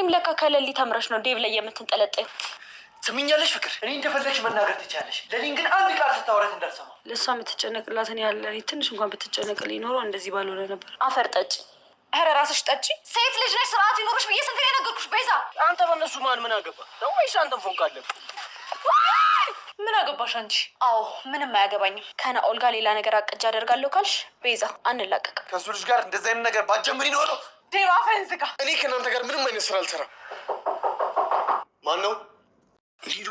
ወይም ለካ ከለሊ ተምረሽ ነው ዴቭ ላይ የምትንጠለጠዩ። ትምኛለሽ ፍቅር፣ እኔ እንደፈለግሽ መናገር ትችያለሽ። ለኔ ግን አንድ ቃል ስታወረት እንዳልሰማ። ለእሷ የምትጨነቅላትን ያለ ትንሽ እንኳን ብትጨነቅል ሊኖረው እንደዚህ ባልሆነ ነበር። አፈር ጠጭ ኧረ ራስሽ ጠጪ። ሴት ልጅ ነሽ፣ ስርዓት ይኖርሽ ብዬ ስንት የነገርኩሽ ቤዛ። አንተ በእነሱ ማን ምን አገባ ነው ወይስ አንተን ፎንቅ ምን አገባሽ አንቺ? አዎ ምንም አያገባኝም። ከናኦል ጋር ሌላ ነገር አቅጅ አደርጋለሁ ካልሽ ቤዛ አንላቀቅም። ከሱ ልጅ ጋር እንደዚህ አይነት ነገር ባጀምር ይኖረው አፈን ዝጋ። እኔ ከእናንተ ጋር ምንም አይነት ስራ አልሰራም። ማን ነው?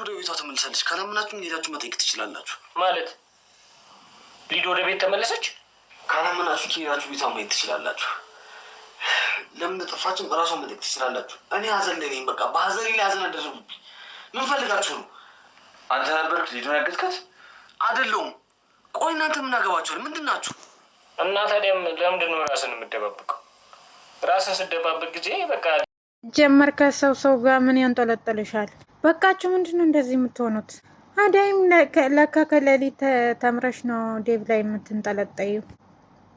ወደ ቤቷ ተመልሳለች። ካላምናችሁም ሄዳችሁ መጠየቅ ትችላላችሁ። ማለት ሊዶ ወደ ቤት ተመለሰች? ካላምናችሁ ሄዳችሁ ቤቷ ማየት ትችላላችሁ። ለምን ጠፋችም እራሷን መጠየቅ ትችላላችሁ። እኔ ሀዘን ላይ በቃ በሀዘኔ ላይ ሀዘን አደረጉብኝ። ምን ፈልጋችሁ ነው? አንተ ነበርክ ሊዶን ያገትከት? አይደለሁም። ቆይ እናንተ ምን አገባችኋል? ምንድን ናችሁ? እና ታዲያም ለምንድን ነው ራስን የምደባብቀው? ራስ ስደባበት ጊዜ በቃ ጀመር ከሰው ሰው ጋር ምን ያንጠለጠልሻል? በቃችሁ። ምንድን ነው እንደዚህ የምትሆኑት? አዳይም ለካ ከሌሊት ተምረሽ ነው ዴብ ላይ የምትንጠለጠዩ።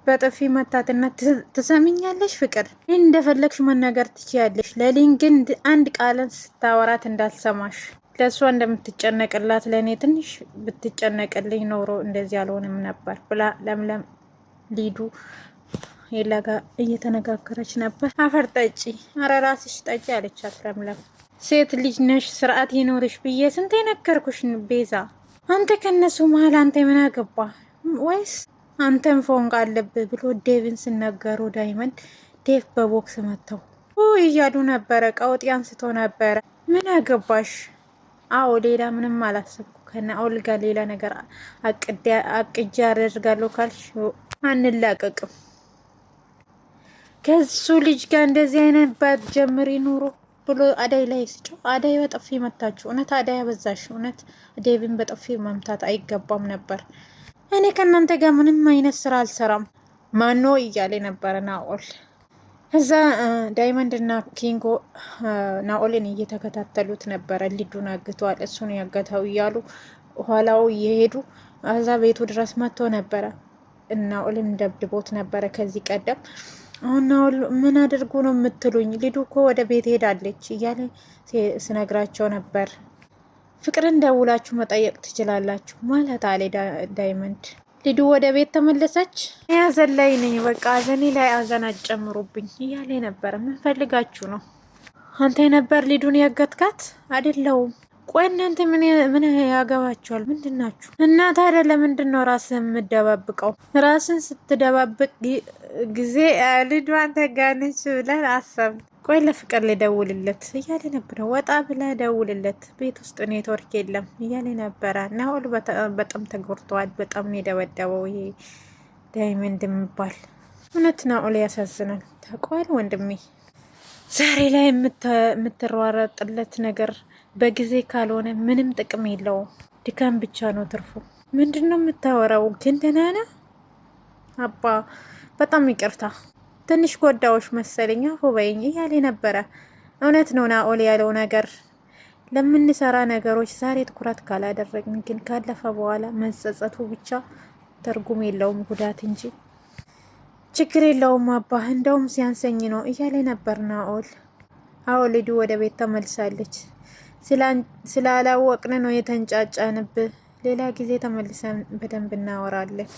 በጥፊ መታትነት ትሰምኛለሽ። ፍቅር እንደፈለግሽ መናገር ትችያለሽ። ለሊን ግን አንድ ቃልን ስታወራት እንዳልሰማሽ ለእሷ እንደምትጨነቅላት ለእኔ ትንሽ ብትጨነቅልኝ ኖሮ እንደዚህ አልሆንም ነበር ብላ ለምለም ሊዱ ሄላ ጋር እየተነጋገረች ነበር። አፈር ጠጪ፣ አረ ራስሽ ጠጪ አለቻት ለምለም። ሴት ልጅ ነሽ ስርዓት ይኖርሽ ብዬ ስንት የነገርኩሽ ቤዛ። አንተ ከነሱ መሀል አንተ ምን አገባ ወይስ አንተን ፎንቅ አለብህ ብሎ ዴቭን ስነገሩ ዳይመንድ ዴቭ በቦክስ መተው እያሉ ነበረ። ቀውጢ አንስቶ ነበረ። ምን አገባሽ? አዎ ሌላ ምንም አላሰብኩ ከና ኦልጋ ሌላ ነገር አቅጃ አደርጋለሁ ካልሽ አንላቀቅም። ከሱ ልጅ ጋር እንደዚህ አይነት ባት ጀምሪ ኑሮ ብሎ አዳይ ላይ ስጨው አዳይ በጥፊ መታችሁ። እውነት አዳይ አበዛሽ። እውነት ዴቪን በጥፊ መምታት አይገባም ነበር። እኔ ከእናንተ ጋር ምንም አይነት ስራ አልሰራም ማኖ እያለ ነበረ ናኦል። እዛ ዳይመንድ እና ኪንጎ ናኦልን እየተከታተሉት ነበረ። ሊዱን አግተዋል፣ እሱን ያገተው እያሉ ኋላው እየሄዱ እዛ ቤቱ ድረስ መጥቶ ነበረ። ናኦልን ደብድቦት ነበረ ከዚህ ቀደም አሁን ምን አድርጉ ነው የምትሉኝ? ሊዱ እኮ ወደ ቤት ሄዳለች እያለ ስነግራቸው ነበር። ፍቅርን ደውላችሁ መጠየቅ ትችላላችሁ ማለት አለ ዳይመንድ። ሊዱ ወደ ቤት ተመለሰች። ያዘን ላይ ነኝ፣ በቃ አዘኔ ላይ አዘን አጨምሩብኝ እያለ ነበር። ምን ፈልጋችሁ ነው? አንተ ነበር ሊዱን ያገትካት አይደለውም? ቆይ እናንተ ምን ያገባችኋል? ምንድን ናችሁ? እና ታዲያ ለምንድን ነው ራስን የምደባብቀው? ራስን ስትደባብቅ ጊዜ ልጇን ተጋነች ብለን አሰብ። ቆይ ለፍቅር ልደውልለት እያለ ነበረ። ወጣ ብለ ደውልለት፣ ቤት ውስጥ ኔትወርክ የለም እያለ ነበረ። ናኦል በጣም ተጎርቷል በጣም ነው የደበደበው ይሄ ዳይመንድ የሚባል እውነት። ናኦል ያሳዝናል። ተቆል ወንድሜ ዛሬ ላይ የምትሯረጥለት ነገር በጊዜ ካልሆነ ምንም ጥቅም የለውም። ድካም ብቻ ነው ትርፉ። ምንድን ነው የምታወራው ግን? ደህና ነህ አባ? በጣም ይቅርታ ትንሽ ጎዳዎች መሰለኝ አፉ በይኝ እያለ ነበረ። እውነት ነው ናኦል ያለው ነገር ለምንሰራ ነገሮች ዛሬ ትኩረት ካላደረግን ግን ካለፈ በኋላ መጸጸቱ ብቻ ትርጉም የለውም ጉዳት እንጂ ችግር የለውም አባ፣ እንደውም ሲያንሰኝ ነው እያለ ነበር ናኦል። አዎ ልዱ ወደ ቤት ተመልሳለች። ስላላወቅን ነው የተንጫጫንብ። ሌላ ጊዜ ተመልሰን በደንብ እናወራለን፣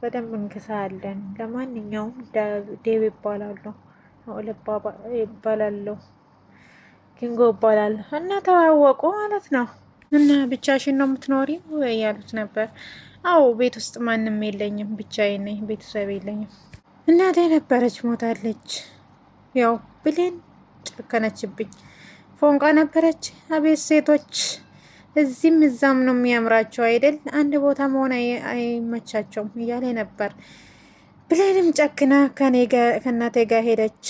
በደንብ እንክሳለን። ለማንኛውም ዴብ ይባላሉ ይባላለሁ፣ ኪንጎ ይባላል እና ተዋወቁ ማለት ነው። እና ብቻሽን ነው የምትኖሪ ያሉት ነበር። አዎ ቤት ውስጥ ማንም የለኝም፣ ብቻዬን ነኝ፣ ቤተሰብ የለኝም። እናቴ ነበረች ሞታለች፣ ያው ብሌን ጨከነችብኝ። ፎንቃ ነበረች። አቤት ሴቶች እዚህም እዛም ነው የሚያምራቸው አይደል? አንድ ቦታ መሆን አይመቻቸውም እያለ ነበር። ብሌንም ጨክና ከእናቴ ጋር ሄደች።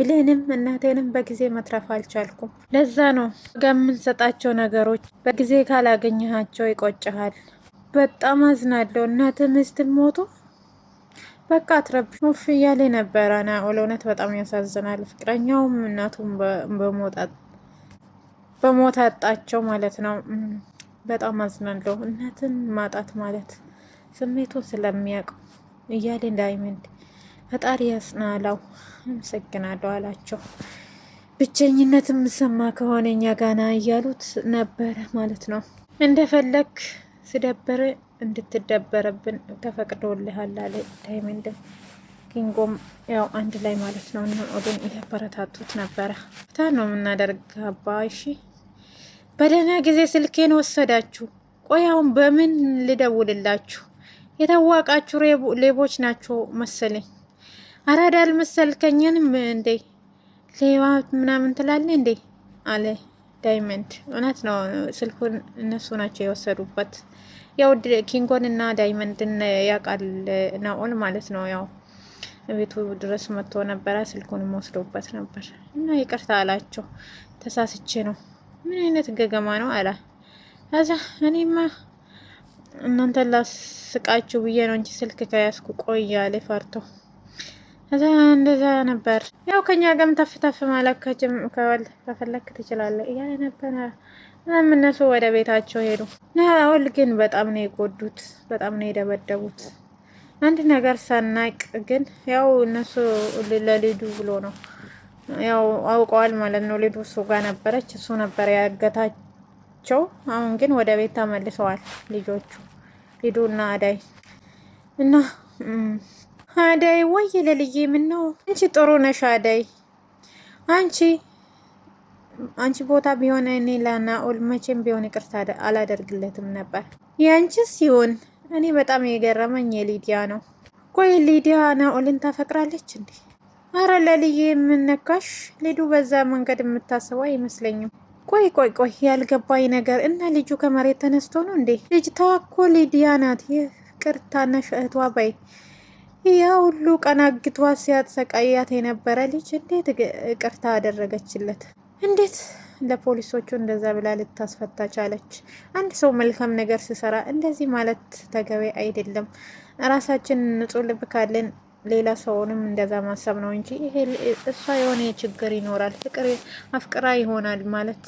ብሌንም እናቴንም በጊዜ መትረፍ አልቻልኩም። ለዛ ነው ከምንሰጣቸው ነገሮች በጊዜ ካላገኘሃቸው ይቆጭሃል። በጣም አዝናለሁ እናት ምስት ሞቱ በቃ አትረብሽ ሙፍ እያለ ነበረ ና እውነት በጣም ያሳዝናል። ፍቅረኛውም እናቱም በሞት አጣቸው ማለት ነው። በጣም አዝናለሁ እናትን ማጣት ማለት ስሜቱን ስለሚያውቅ እያሌ ዳይመንድ ፈጣሪ ያጽናላው አመሰግናለሁ አላቸው። ብቸኝነት የምሰማ ከሆነ እኛ ጋና እያሉት ነበረ ማለት ነው እንደፈለግ ስደብር እንድትደበረብን ተፈቅዶልሃል አለ ዳይመንድ። ኪንጎም ያው አንድ ላይ ማለት ነው እና ኦዴን እያበረታቱት ነበረ። ፍታ ነው የምናደርግ አባ እሺ፣ በደህና ጊዜ ስልኬን ወሰዳችሁ። ቆይ አሁን በምን ልደውልላችሁ? የታወቃችሁ ሌቦች ናቸው መሰለኝ። አራዳ አልመሰልከኝንም እንዴ? ሌባ ምናምን ትላለ እንዴ? አለ ዳይመንድ። እውነት ነው ስልኩን እነሱ ናቸው የወሰዱበት። ያው ኪንጎን እና ዳይመንድን ያውቃል ናኦል ማለት ነው። ያው ቤቱ ድረስ መጥቶ ነበረ። ስልኩንም ወስዶበት ነበር እና ይቅርታ አላቸው። ተሳስቼ ነው ምን አይነት ገገማ ነው አላ አዛ እኔማ እናንተ ላስቃችሁ ብዬ ነው እንጂ ስልክ ከያዝኩ ቆይ አለ ፈርቶ። እዛ እንደዛ ነበር ያው ከኛ ገም ተፍ ተፍ ማለት ከፈለክ ትችላለህ እያለ ነበረ። እነሱ ወደ ቤታቸው ሄዱ። ናኦል ግን በጣም ነው የጎዱት፣ በጣም ነው የደበደቡት። አንድ ነገር ሳናቅ ግን ያው እነሱ ለሊዱ ብሎ ነው ያው አውቀዋል ማለት ነው። ሊዱ እሱ ጋር ነበረች፣ እሱ ነበር ያገታቸው። አሁን ግን ወደ ቤት ተመልሰዋል ልጆቹ ሊዱ እና አዳይ እና አዳይ ወይ ለልዬ ምን ነው አንቺ ጥሩ ነሽ አዳይ አንቺ አንቺ ቦታ ቢሆን እኔ ለናኦል መቼም ቢሆን ይቅርታ አላደርግለትም ነበር። ያንቺ ሲሆን እኔ በጣም የገረመኝ የሊዲያ ነው። ቆይ ሊዲያ ናኦልን ታፈቅራለች እንዴ? አረ ለልዬ የምነካሽ ሊዱ በዛ መንገድ የምታስበው አይመስለኝም። ቆይ ቆይ ቆይ ያልገባኝ ነገር እና ልጁ ከመሬት ተነስቶ ነው እንዴ? ልጅቷ እኮ ሊዲያ ናት። ይቅርታና ሸእቷ ባይ ያ ሁሉ ቀናግቷ ሲያሰቃያት የነበረ ልጅ እንዴት ይቅርታ አደረገችለት? እንዴት ለፖሊሶቹ እንደዛ ብላ ልታስፈታ ቻለች? አንድ ሰው መልካም ነገር ሲሰራ እንደዚህ ማለት ተገቢ አይደለም። ራሳችን ንጹሕ ልብ ካለን ሌላ ሰውንም እንደዛ ማሰብ ነው እንጂ ይሄ እሷ የሆነ ችግር ይኖራል ፍቅር አፍቅራ ይሆናል ማለት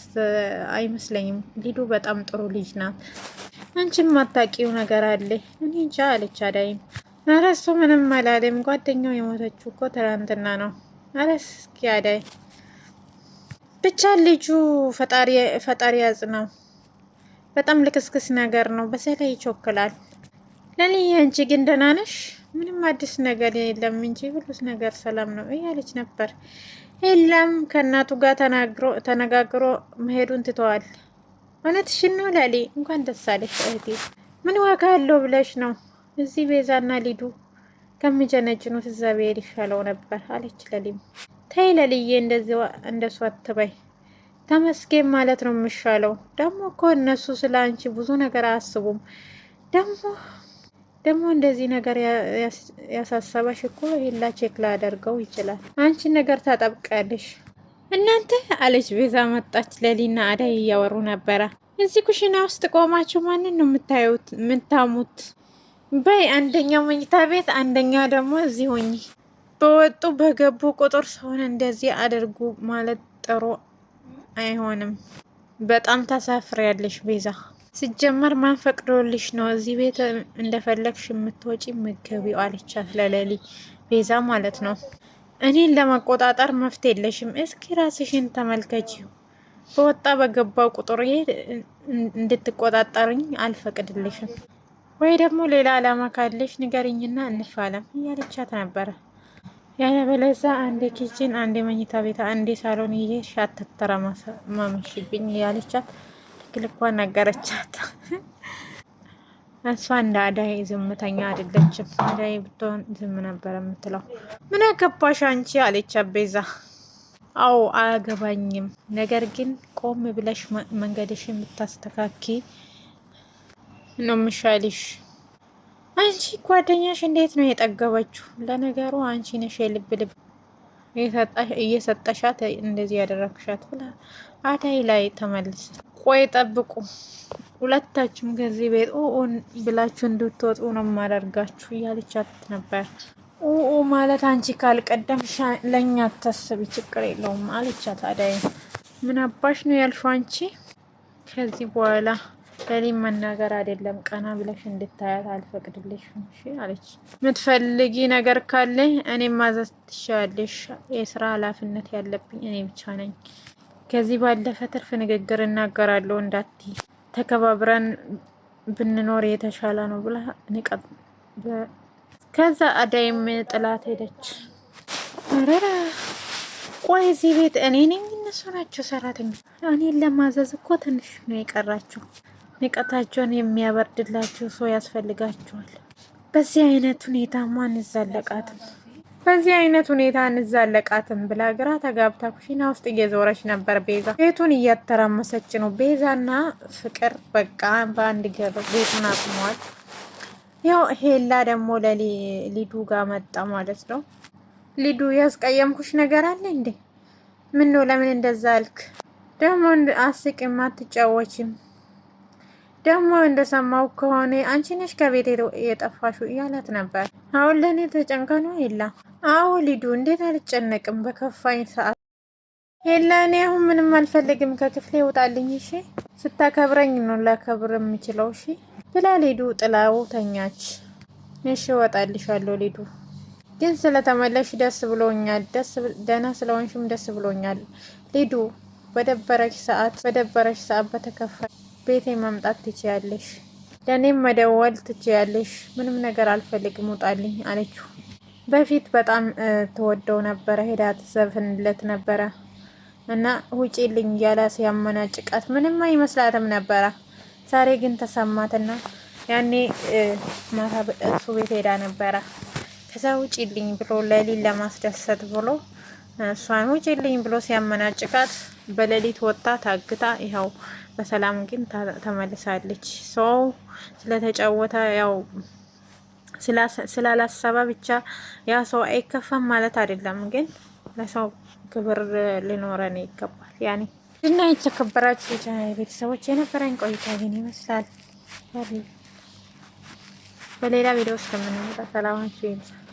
አይመስለኝም። ሊዱ በጣም ጥሩ ልጅ ናት። አንቺም ማታቂው ነገር አለ። እኔ እንጃ አለች አዳይም። እሱ ምንም አላለም። ጓደኛው የሞተችው እኮ ትናንትና ነው። ኧረ እስኪ አዳይ ብቻ ልጁ ፈጣሪ ያዝ ነው። በጣም ልክስክስ ነገር ነው። በሰላይ ይቾክላል። ለኔ አንቺ ግን ደህና ነሽ? ምንም አዲስ ነገር የለም እንጂ ሁሉስ ነገር ሰላም ነው እያለች ነበር። የለም ከእናቱ ጋር ተነጋግሮ መሄዱን ትተዋል። እውነትሽን ነው ላሌ፣ እንኳን ደስ አለሽ እህቴ። ምን ዋጋ አለው ብለሽ ነው እዚህ ቤዛና ሊዱ ከሚጀነጅኑት እግዚአብሔር ይሻለው ነበር አለች ለሊም ተይ ለልዬ እንደሷ አትበይ። ተመስገን ማለት ነው የምሻለው ደግሞ እኮ እነሱ ስለ አንቺ ብዙ ነገር አያስቡም። ደግሞ ደግሞ እንደዚህ ነገር ያሳሰበሽ እኮ ሄላ ቼክ ላደርገው ይችላል። አንቺ ነገር ታጠብቀልሽ እናንተ አለች ቤዛ። መጣች። ለሊና አዳይ እያወሩ ነበረ። እዚህ ኩሽና ውስጥ ቆማችሁ ማንን ነው የምታዩት? የምታሙት? በይ አንደኛው መኝታ ቤት፣ አንደኛው ደግሞ እዚህ ሆኚ በወጡ በገቡ ቁጥር ሰውን እንደዚህ አድርጉ ማለት ጥሩ አይሆንም። በጣም ታሳፍሪያለሽ ቤዛ። ሲጀመር ማን ፈቅዶልሽ ነው እዚህ ቤት እንደፈለግሽ የምትወጪ ምገቢ? አለቻት ለሌሊ ቤዛ ማለት ነው። እኔን ለመቆጣጠር መፍት የለሽም። እስኪ ራስሽን ተመልከች። በወጣ በገባው ቁጥር እንድትቆጣጠርኝ አልፈቅድልሽም። ወይ ደግሞ ሌላ አላማ ካለሽ ንገርኝና እንፋለም እያለቻት ነበረ። ያለበለዛ አንድ ኪችን፣ አንድ መኝታ ቤት፣ አንድ ሳሎን ይዤ ሻተተራ ማመሽብኝ ያለቻት ልክልኳ ነገረቻት። እሷ እንደ አዳይ ዝምተኛ አይደለችም። አዳይ ብትሆን ዝም ነበር የምትለው። ምን አገባሽ አንቺ አለቻት ቤዛ። አዎ አያገባኝም፣ ነገር ግን ቆም ብለሽ መንገድሽን ብታስተካኪ ነው ምሻልሽ አንቺ ጓደኛሽ እንዴት ነው የጠገበችው? ለነገሩ አንቺ ነሽ የልብ ልብ እየሰጠሻት እንደዚህ ያደረግሻት ብላ አዳይ ላይ ተመልስ። ቆይ ጠብቁ፣ ሁለታችሁም ከዚህ ቤት ኡኡን ብላችሁ እንድትወጡ ነው ማደርጋችሁ እያለቻት ነበር። ኡኡ ማለት አንቺ ካልቀደም ለእኛ አታስቢ፣ ችግር የለውም አለቻት አዳይ። ምን አባሽ ነው ያልሽው አንቺ ከዚህ በኋላ ለእኔም መናገር አይደለም ቀና ብለሽ እንድታያት አልፈቅድልሽም አለች። የምትፈልጊ ነገር ካለ እኔም ማዘዝ ትችያለሽ። የስራ ኃላፊነት ያለብኝ እኔ ብቻ ነኝ። ከዚህ ባለፈ ትርፍ ንግግር እናገራለሁ እንዳቲ ተከባብረን ብንኖር የተሻለ ነው ብላ ንቀት ከዛ አዳይም ጥላት ሄደች። ረራ ቆይ እዚህ ቤት እኔ ነኝ እነሱ ናቸው ሰራተኛ? እኔን ለማዘዝ እኮ ትንሽ ነው የቀራቸው። ንቀታቸውን የሚያበርድላቸው ሰው ያስፈልጋቸዋል። በዚህ አይነት ሁኔታ ማን በዚህ አይነት ሁኔታ እንዛለቃትም ብላ ግራ ተጋብታ ኩሽና ውስጥ እየዞረች ነበር። ቤዛ ቤቱን እያተራመሰች ነው። ቤዛና ፍቅር በቃ በአንድ ገር ቤቱን አቁመዋል። ያው ሄላ ደግሞ ለሊዱ ጋር መጣ ማለት ነው። ሊዱ ያስቀየምኩሽ ነገር አለ እንዴ? ምን ነው? ለምን እንደዛ አልክ? ደግሞ አስቅም አትጫወችም ደግሞ እንደሰማው ከሆነ አንቺ ነሽ ከቤት የጠፋሹ እያላት ነበር። አሁን ለእኔ ተጨንቀኑ የላ አዎ ሊዱ፣ እንዴት አልጨነቅም በከፋኝ ሰዓት የላ። እኔ አሁን ምንም አልፈልግም፣ ከክፍሌ ይውጣልኝ። እሺ ስታከብረኝ ነው ላከብር የምችለው እሺ ብላ ሊዱ ጥላው ተኛች። እሺ እወጣልሻለሁ ሊዱ፣ ግን ስለተመለሽ ደስ ብሎኛል። ደህና ስለሆንሽም ደስ ብሎኛል ሊዱ። በደበረሽ ሰዓት በደበረሽ ሰዓት በተከፋ ቤቴ መምጣት ትችያለሽ፣ ለእኔም መደወል ትችያለሽ። ምንም ነገር አልፈልግም፣ ውጣልኝ አለችው። በፊት በጣም ትወደው ነበረ፣ ሄዳ ትዘፍንለት ነበረ እና ውጪልኝ እያለ ሲያመናጭቃት ምንም አይመስላትም ነበረ። ዛሬ ግን ተሰማትና ያኔ ማታ እሱ ቤት ሄዳ ነበረ። ከዛ ውጪልኝ ብሎ ለሊን ለማስደሰት ብሎ እሷን ውጪልኝ ብሎ ሲያመናጭቃት በሌሊት ወጣ ታግታ ይኸው በሰላም ግን ተመልሳለች። ሰው ስለተጫወተ ያው ስላላሰበ ብቻ ያ ሰው አይከፋም ማለት አይደለም፣ ግን ለሰው ክብር ሊኖረን ይገባል። ያኔ ድና የተከበራችሁ ቤተሰቦች የነበረኝ ቆይታ ግን ይመስላል። በሌላ ቪዲዮ እስከምንመጣ ሰላማችሁ ይብዛ።